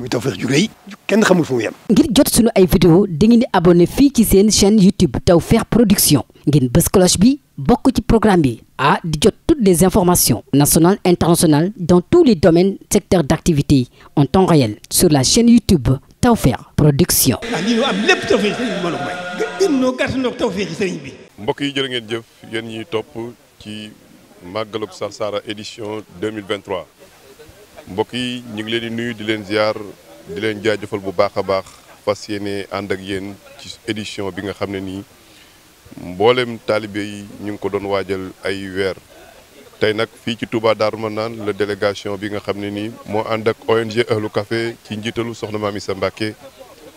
muy Tawfekh ju rëy kenn xamul fu mu ngir jot sunu ay vidéo dangeen di abonné fii ci seen chaîne YouTube Tawfekh Production ngeen bës cloche bi bokk ci programme bi a di jot toutes des informations nationales internationales dans tous les domaines secteurs d'activité en temps réel sur la chaîne YouTube Tawfekh Production. ah lii am lépp Tawfekh sëriñ bi mbooloo mooy. gën ñoo mbokk yi jërë ngeen jëf yéen ñiy topp ci màggalub Sarsara édition 2023 mbokk yi ñu ngi leen di nuyu di leen ziar di leen jaajëfal bu baax a baax fas yéene ànd ak yéen ci édition bi nga xam ne nii mboolem taalibe yi ñu ngi ko doon waajal ay weer. tey nag fii ci Touba Darou Manane la délégation bi nga xam ne nii moo ànd ak ONG Euhlou kafe ci njiitalu soxna Maam Issa Mbacké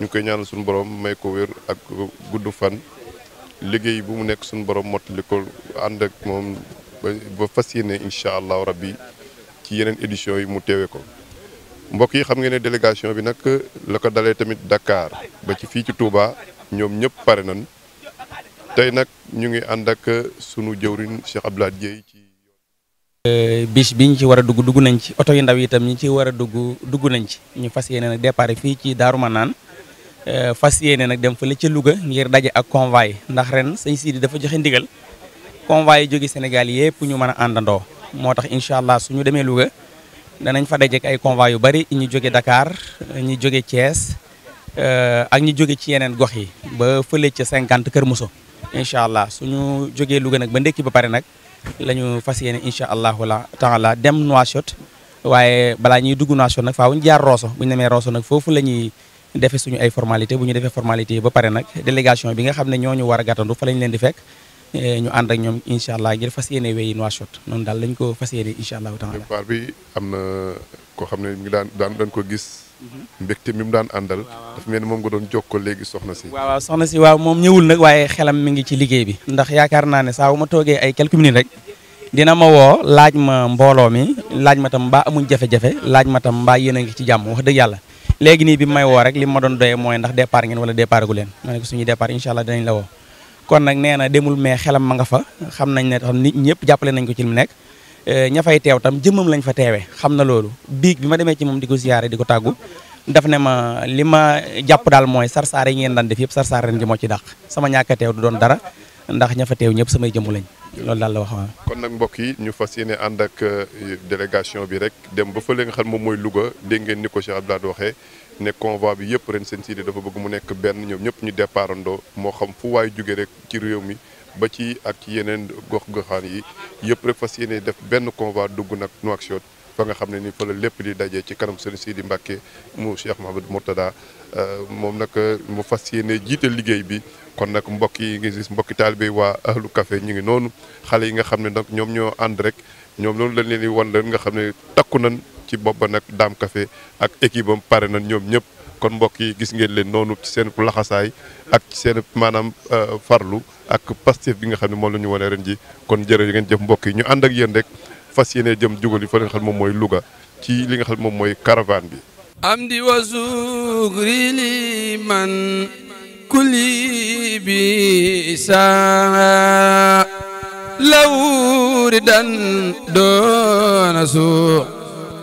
ñu koy ñaanal suñu borom may ko wér ak gudd fan liggéey bi mu nekk suñu borom mottali ko ànd ak moom ba fas yéene incha allahu rabbi ci yeneen édition yi mu teewee ko mbokk yi xam nga ne délégation bi nag la ko dalee tamit dakaar ba ci fii ci Touba ñoom ñëpp pare nañ tey nag ñu ngi ànd ak sunu jëwriñ Cheikh Abdoulaye Dieye ci. Euh, bis bi ñu ci war a dugg dugg nañ ci oto yu ndaw yi itam ñu ci war a dugg dugg nañ ci ñu fas yéene nag départ fii ci Darou Manane euh, fas yéene nag dem fële ca Louga ngir daje ak convoy ndax ren sëñ Sidi dafa joxe ndigal convoy yi jóge Sénégal yëpp ñu mën a àndandoo. moo tax incha allah suñu demee Louga danañ fa dajeek ay convois yu bari ñu jóge Dakar ñu jóge Thiès euh, ak ñu jóge ci yeneen gox yi ba fële ci 50 Kër Moussa incha allah suñu jógee Louga nag ba ndekki ba pare nag la ñu fas yéene incha allahu la dem Nouakchott waaye balaa ñuy dugg Nouakchott nag faaw ñu jaar Rosso bu ñu nag foofu la ñuy defee suñu ay formalité bu ñu defee formalité yi ba pare nag délégation bi nga xam ne ñoo ñu war a gàttandu fa lañu leen di fekk. Eh, ñu ànd ak ñoom incha allah ngir fas yéene wéy Nouakchott noonu daal lañ ko fas yéene incha allahu taala bi am na koo xam ne mi ngi daan daan dañ ko gis mhm. mbégte mi mu daan àndal dafa mel ni moom nga doon jokkoo léegi soxna si waaw soxna si waaw moom ñëwul nag waaye xelam mi ngi ci liggéey bi ndax yaakaar naa ne saa bu ma toogee ay quelques minutes rek dina ma woo laaj ma mbooloo mi laaj ma tam mbaa amuñ jafe-jafe laaj ma tam mbaa yéen a ngi ci jàmm wax dëgg yàlla léegi nii bi may woo rek li ma doon doyee mooy ndax départ ngeen wala départ gu leen ma ne ko suñu départ incha kon nag nee na demul mais xelam ma nga fa xam nañ ne tam nit ñëpp jàppale nañ ko ci li mu nekk eh, ña fay teew tam jëmmam lañ fa teewee xam na loolu biig bi ma demee ci moom di ko ziyaare di ko tàggu daf ne ma li ma jàpp daal mooy sarsaar yi ngeen daan def yëpp sarsaar ren ji ci dàq sama ñàkk teew du doon dara ndax ña fa teew ñëpp samay jëmm lañ loolu daal la wax waaw kon nag mbokk yi ñu fas yéene ànd ak eh, délégation bi rek dem ba fële nga xam moom mooy Louga dégg ngeen ni ko Cheikh Abdoulaye waxee ne convoi bi yëpp ren seen siidi dafa bëgg mu nekk benn ñoom ñëpp ñu départandoo moo xam fu waay jóge rek ci réew mi ba ci ak ci yeneen gox-goxaan yi yëpp rek fas yéene def benn convoi dugg nag Nouakchott fa nga xam ne ni fa la lépp di dajee ci kanam seen siidi Mbàkke mu Cheikh Mahamadou Mourtada euh, moom nag euh, mu fas yéene jiite liggéey bi kon nag mbokk yi nga gis mbokki taalibe waa ahlu café ñu ngi noonu xale yi nga xam ne nag ñoom ñoo ànd rek ñoom loolu lañ leen di wan leen nga xam ne takku nan ci bopp ba nag Dame Café ak équipe pare na ñoom ñëpp kon mbokk yi gis ngeen leen noonu ci seen laxasaay ak ci seen maanaam euh, farlu ak Pastef bi nga xam ne moom la ñu wane ren ji kon jërë ngeen jëf mbokk yi ñu ànd ak yéen rek fas yéene jëm jugal yi fa li nga xam moom mooy Louga ci li nga xam moom mooy caravane bi. amdi wa sukri li man kuli bi saa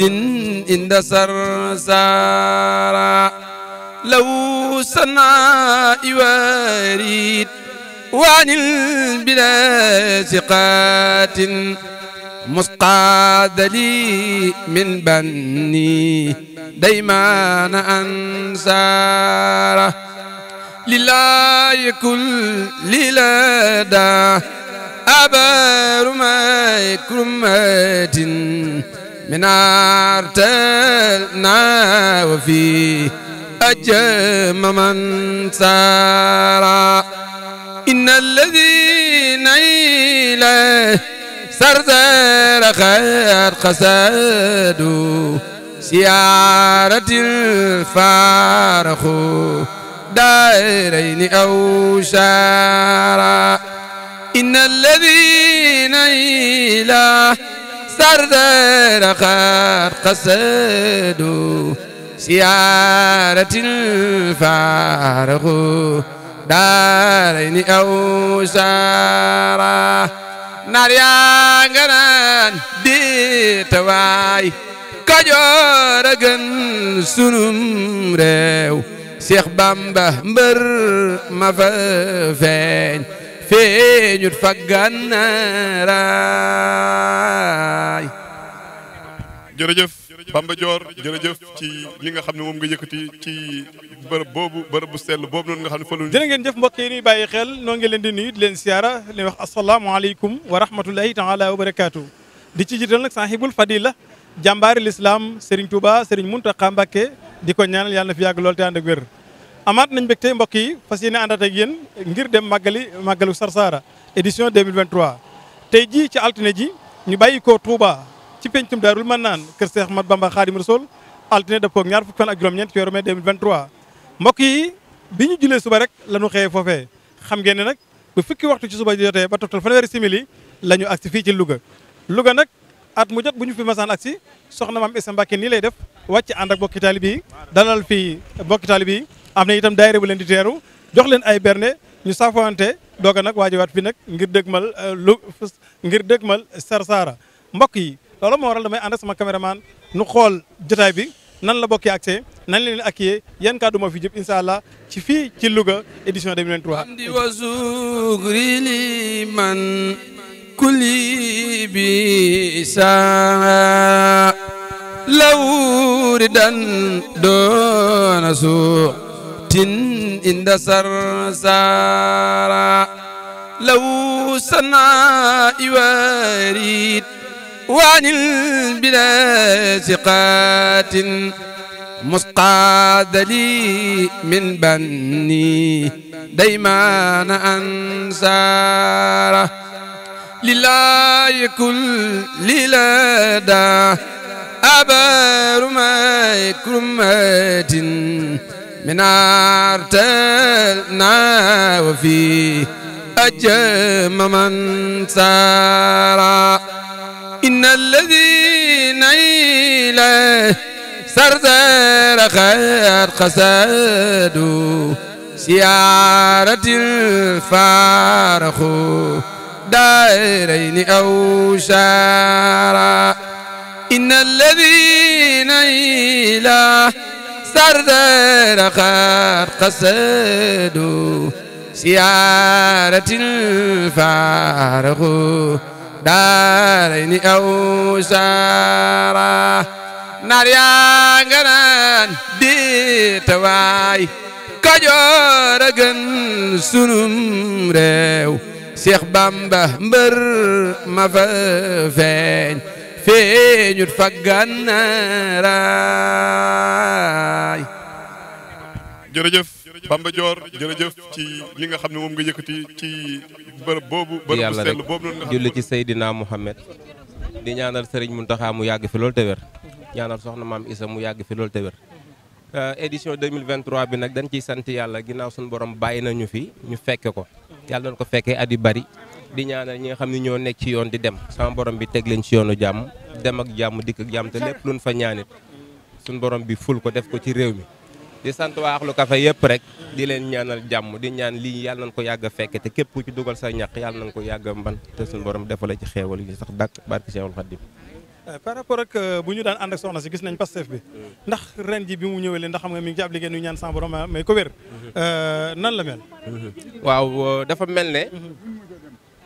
عند سرسارا لو صنع يواريد وعن البلا ثقات مسقاد لي من بني ديمان أنصاره لله كل للدا أبار ما كرمات من ارتلنا وفي أجم من سارا إن الذين إلى سردر خير قسدوا سيارة الفارخ دائرين أو شارا إن الذين إلى دردر قد قصدوا سيارة الفارق دارين أو سارة naar yaa nga naan diit waay gën sunum réew Seex Bamba mbër ma fa feeñ feeñut fa Gànnaar jërëjëf Bamba Dior jërëjëf ci li nga xam ne moom nga yëkkati ci bërëb boobu bërëb bu sell boobu noonu nga xam ne fa lu jërë ngeen jëf mbokk yi ni bàyyi xel noo ngi leen di nuyu di leen siyaara leen wax asalaamaaleykum wa rahmatulahi taala wa barakaatu di ci jiital nag sahibul fadila jàmbaari lislaam Serigne Touba Serigne Mountakha Mbacké di ko ñaanal yàlla na fi yàgg lool te ànd ak wér amaat nañ mbégte mbokk yi fas yéene àndaat tey yéen ngir dem màggali màggalu Sarsara édition 2023 tey jii ci altine ji ñu bàyyi ko Touba ci pencum daarul mën naan kër Seex Ahmad Bamba Xaadim Rasuul altine dëppoo ak ñaar fukki fan ak juróom-ñeent ci weeru mai mbokk yi bi ñu julee suba rek la ñu xëyee foofee xam ngeen ne nag bu fukki waxtu ci suba jotee ba toftal fanweeri simili la ñu agsi fii ci Louga Louga nag at mu bu ñu fi masaan agsi soxna maam Issa Mbàkke nii lay def wàcc ànd bokki taalibe yi dalal fi bokki taalibe yi am na itam daayira bu leen di teeru jox leen ay berne ñu saafowante doog a nag waajowaat fi nag ngir dëgmal euh, lu ngir dëgmal Sarsara mbokk yi loolu moo waral damay ànd ak sama nu xool jotaay bi nan la bokkee accès nan leen ak yee yan kàddu moo fi jëm incha allah ci fii ci Louga édition 2023. كلي بساعة لو ردا دون سوء إن سرسارا لو سنا يواريد وعن البلا ثقات مسقاد لي من بني ديمان أنصاره لله كل للدى أبار ما كرمات من أرتلنا وفي أجم من سارا إن الذين إلى سردار خير قصدوا سيارة الفارخ دائرين أو شارا إن الذين إلى سردار خير قصدوا سيارة الفارخ daarayni aw saara naar yaa nga diita waay Kajoor a sunum réew Seex Bamba mbër ma fa feeñ feeñut fa Gànnaar jërëjëf Bamba Dior jërëjëf ci li nga xam ne moom nga yëkkati ci bërëb boobu bërëb bu sell boobu noonu nga julli ci Seydina Mouhamed di ñaanal Serigne Mountakha mu yàgg fi loolu te wér ñaanal soxna maam Issa mu yàgg fi loolu te wér euh, édition 2023 bi nag dañ ciy sant yàlla ginnaaw suñu borom bàyyi nañu fi ñu fekke ko yàlla doon ko fekkee at yu bari di ñaanal ñi nga xam ne ñoo nekk ci yoon di dem sama borom bi teg leen ci yoonu jàmm dem ak jàmm dikk ak jàmm te lépp luñ fa ñaanit suñu borom bi ful ko def ko ci réew mi di sant waa Ahlou Café yëpp rek di leen ñaanal jàmm di ñaan lii yàlla nañ ko yàgg a fekke te képp ku ci dugal sa ñaq yàlla nañ ko yàgg a mban te suñu borom defal ci xeewal yi sax dàkk barki Cheikhul Khadim euh, par rapport ak euh, bu ñu daan ànd ak soxna si gis nañ Pastef bi mm. ndax ren ji bi mu ñëwee ndax xam nga mi ngi ci ab liggéey ñu ñaan sans euh, may ko wér mm-hmm. nan la mel mm-hmm. waaw dafa mel ne mm-hmm.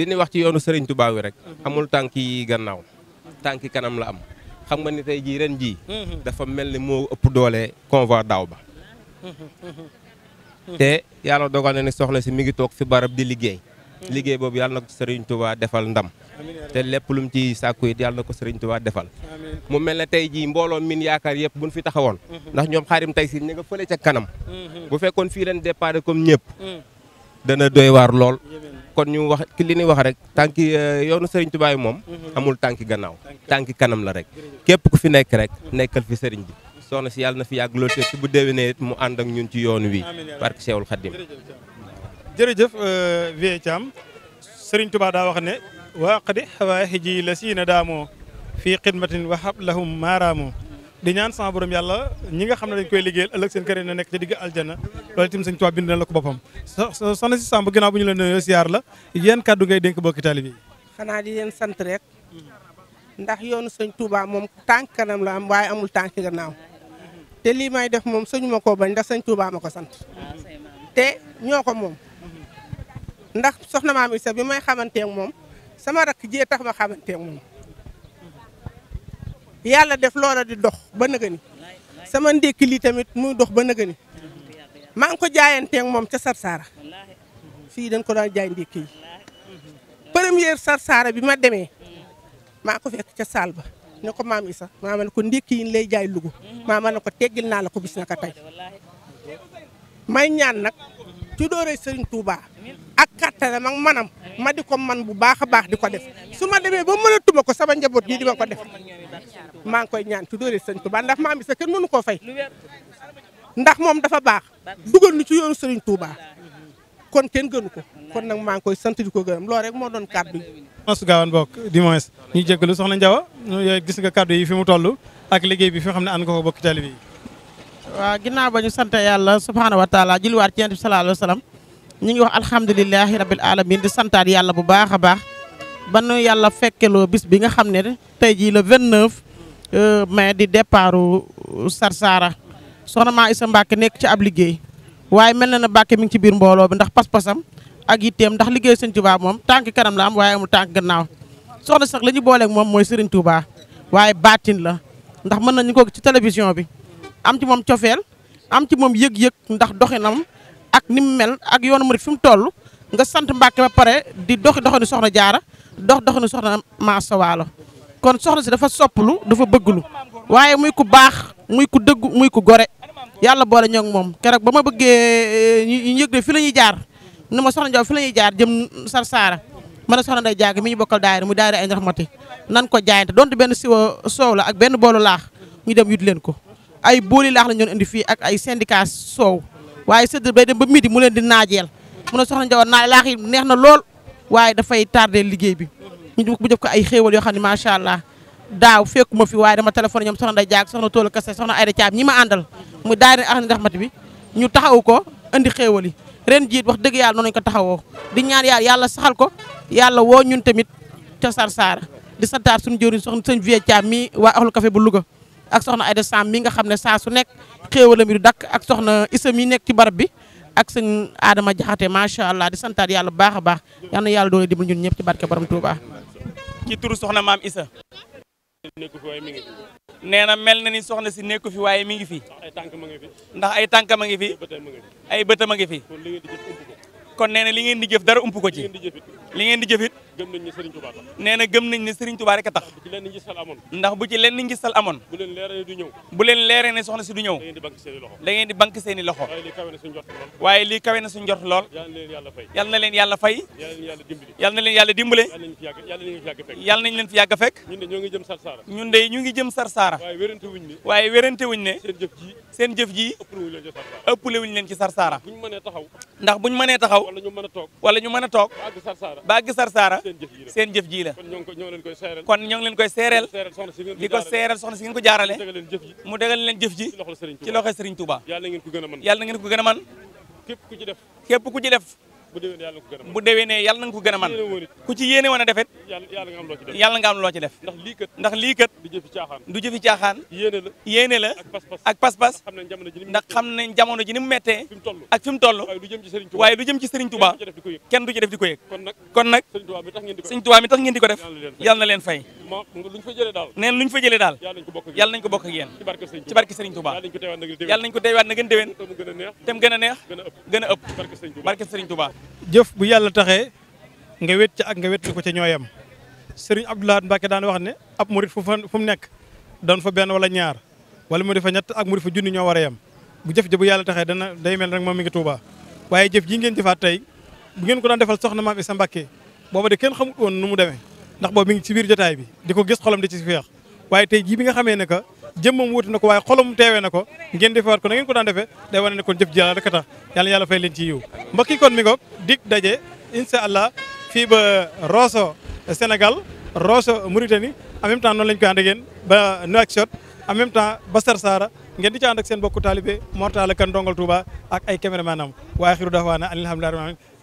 li ñuy wax ci yoonu Serigne Touba wi rek amul tànk yi gannaaw tànki kanam la am xam nga ni tey jii ren jii dafa mel ni moo ëpp doole convoi daaw ba te yàlla dogal na ne soxna si mi ngi toog fi barab di liggéey. liggéey boobu yàlla na ko ci defal ndam. te lépp lu mu ciy sàkku it yàlla ko Serigne defal. mu mel ne tey jii mbooloo min yaakaar yëpp buñ fi taxawoon. Mhm. ndax ñoom xaarim tey si ñu nga fële ca kanam. Mhm. bu fekkoon fii leen départ comme ñëpp. Mhm. dana doy waar lool. kon ñu wax ki li wax rek tànki euh, yoonu Serigne Touba moom. amul tànki gannaaw tànki kanam la rek. képp ku fi nekk rek nekkal fi Serigne bi. soxna si yàlla na fi yàgg lool bu déwénee mu ànd ak ñun ci yoon wi barke Seexul jërëjëf euh, Vieux Thiam Sëriñ daa wax ne waa qadi xawaaxi ji la siina fii xidmatin wa hablahum maaraamoo di ñaan sama borom yàlla ñi nga xam ne dañ koy liggéeyal ëllëg seen kër na nekk ci digg aljana loolu itam Sëriñ la ko boppam soxna si Samb ginnaaw bu ñu la nuyoo siyaar la yéen kàddu ngay dénk bokki taalibe yi xanaa di leen sant rek ndax yoonu Sëriñ Tuubaa moom tànk kanam la am waaye amul tànk gannaaw te lii may def moom suñu ma koo bañ ndax sëñ Touba ma ko sant te ñoo ko moom ndax soxna maam Isa bi may xamanteeg moom sama rakk jee tax ma xamanteeg moom yàlla def loola di dox ba nëga sama ndékki lii tamit muy dox ba nëga ni maa ngi ko jaayanteeg moom ca Sarsara fii dañ ko daan jaay ndékki yi première Sarsara bi ma demee maa ko fekk ca saal ne ko maam Isa maama ne ko ndékki yi lay jaay lugu maama ne ko teggil naa la ko bis na ka tey may ñaan nag ci doore Serigne Touba ak kattanam ak manam ma di ko man bu baax a baax di ko def su ma demee ba mënatuma ko sama njaboot nii di ma ko def maa ngi koy ñaan ci doore Serigne Touba ndax maam Isa kenn mënu koo fay ndax moom dafa baax dugal nu ci yoonu Serigne Touba kon kenn gënu ko kon nag maa ngi koy sant di ko gërëm loolu rek moo doon kàddu su gaawan bokk du moins ñu jégalu soxna Njawa gis nga kàddu yi fi mu toll ak liggéey bi fi xam ne an nga ko bokk taalibe yi waaw ginnaaw ba ñu sant yàlla subhaanahu wa taala julliwaat ci yonent bi sallallaahu alayhi wa sallam ñu ngi wax alhamdulilahi rabil alamin di santaat yàlla bu baax a baax ba nu yàlla fekkeloo bis bi nga xam ne tey jii le 29 euh, mai di départ Sarsara soxna maa Isa Mbàkke nekk ci ab liggéey waaye mel na na Mbàkke mi ci biir mbooloo bi ndax pas-pasam ak yitteem ndax liggéey sëñ baa moom tànk kanam la am waaye amul tànk gannaaw soxna sax la ñu booleek moom mooy Serigne Touba waaye baatin la ndax mën na nañu ko ci télévision bi am ci moom cofeel am ci moom yëg-yëg ndax doxinam ak ni mu mel ak yoonu murid fi mu toll nga sant Mbàkke ba pare di doxi doxinu soxna jaara dox doxinu soxna Maasa Waalo kon soxna si dafa sopplu dafa bëgglu waaye muy ku baax muy ku dëggu muy ku gore yàlla boole ñoo ngi moom keroog ba ma bëggee eh, ñu yëg de la ñuy jaar nu ma soxna Njaw fi la ñuy jaar jëm sar saara ma ne soxna nday jaag mi ñu bokkal daayira mu daayira ay raxmati nan ko jaayante donte benn siwo soow la ak benn boolu laax ñu dem yut leen ko ay booli laax la ñoon indi fii ak ay syndicat soow waaye sëdd bay dem ba midi mu leen di naajeel mu ne soxna Njaw naa laax yi neex na lool waaye dafay tardé liggéey bi ñu bu def ko ay xéewal yoo xam ne macha allah daaw fekkuma fi waaye dama téléphoné ñoom soxna nday jaag soxna toolu kase soxna Ayda Caab ñi ma àndal mu daayira ay raxmati bi ñu taxaw ko indi xéewal yi ren jiit wax dëgg yàlla noonu ñu ko taxawoo di ñaan yàlla yàlla saxal ko yàlla woo ñun tamit ca Sarsara di santaat suñu jëriñ soxna sëñ Vieux Thiam mi waa Axlu Café bu Louga ak soxna Aïda Sam mii nga xam ne saa su nekk xéewalam du dakk ak soxna Issa mii nekk ci barab bi ak sëñ Adama Jaxate macha allah di santaat yàlla bu baax a baax yal na yàlla doole dimbali ñun ñëpp ci barke borom Touba. ci turu soxna maam Issa. nee na mel na ni soxna si nekku fi waaye mi ngi fi. ndax ay tànkam ngi fi. ndax ay tànkam a ngi fi. ay bëtam a ngi fi. kon nee na li ngeen di jëf dara ump ko ci li ngeen di jëfit gëm nañ ne Serigne Touba tax nee na gëm nañ ne Serigne sal rek a tax ndax bu ci lenn ngistal amoon bu leen ne du ñëw bu leen leeree ne soxna si du ñëw da ngeen di bank seeni loxo waaye lii kawe na suñ jot lool yal na leen yàlla fay yal na leen yàlla dimbale yal nañ leen fi yàgg fekk ñun de ñu ngi jëm Sarsara waaye wérante wuñ ne seen jëf ji ëppale wuñ leen ci Sarsara ndax buñ mënee taxaw wala ñu mën a toog wala ñu mën a toog ba gi seen jëf ji la kon ñoo leen koy seereel kon ñoo ngi leen koy seereel di ko seereel soxna si ngeen ko jaarale mu dégal leen jëf ji ci loxo Serigne Touba yàlla na ngeen ko gën a mën képp ku ci def képp ku ci def bu déwénee yàlla na nga ko gën a man ku ci yéene a defet yàlla nga am loo ci def ndax lii kët du jëfi caaxaan yéene la ak pas-pas ndax xam nañ jamono ji ni mu mettee ak fi mu toll waaye du jëm ci Serigne Touba kenn du ci def di ko yëg kon nag Serigne Touba mi tax ngeen di ko def yàlla leen fay neen lu fa jëlee daal yàlla nañ ko bokk ak ci barke Serigne Touba yàlla nañ ko teewaat te mu gën a neex gën ëpp barke Serigne Touba jëf bu yàlla taxee nga wet ca ak nga wetli ko ca ñooyam sëriñ Abdoulahat Mbacke daan wax ne ab murit fu fa fu mu nekk doon fa benn wala ñaar wala mu defa ñett ak mu defa junni ñoo war a bu jëf ji bu yàlla taxee day mel rek moom mi ngi Touba waaye jëf ji ngeen jëfaat tey bu ngeen ko daan defal soxna maam Issa Mbacke booba de kenn xamut woon nu mu demee ndax boobu mi ngi ci biir jotaay bi di ko gis xolam di ci feex waaye tey jii bi nga xamee ne que jëmmam wuuti na ko waaye xolam teewee na ko ngeen defewaat ko na ngeen ko daan defee day wane ne kon jëf ji yàlla rek a fay leen ci yiw mbokk yi kon mi ngoog dig daje incha allah fii ba Rosso Sénégal Rosso Mauritanie en même temps noonu la ñu ànd ak yéen ba Nouakchott en même temps ba ngeen di ci ànd seen bokku taalibe Mortala Kan Ndongal Touba ak ay caméraman am waaye xiru dafa waana alhamdulilah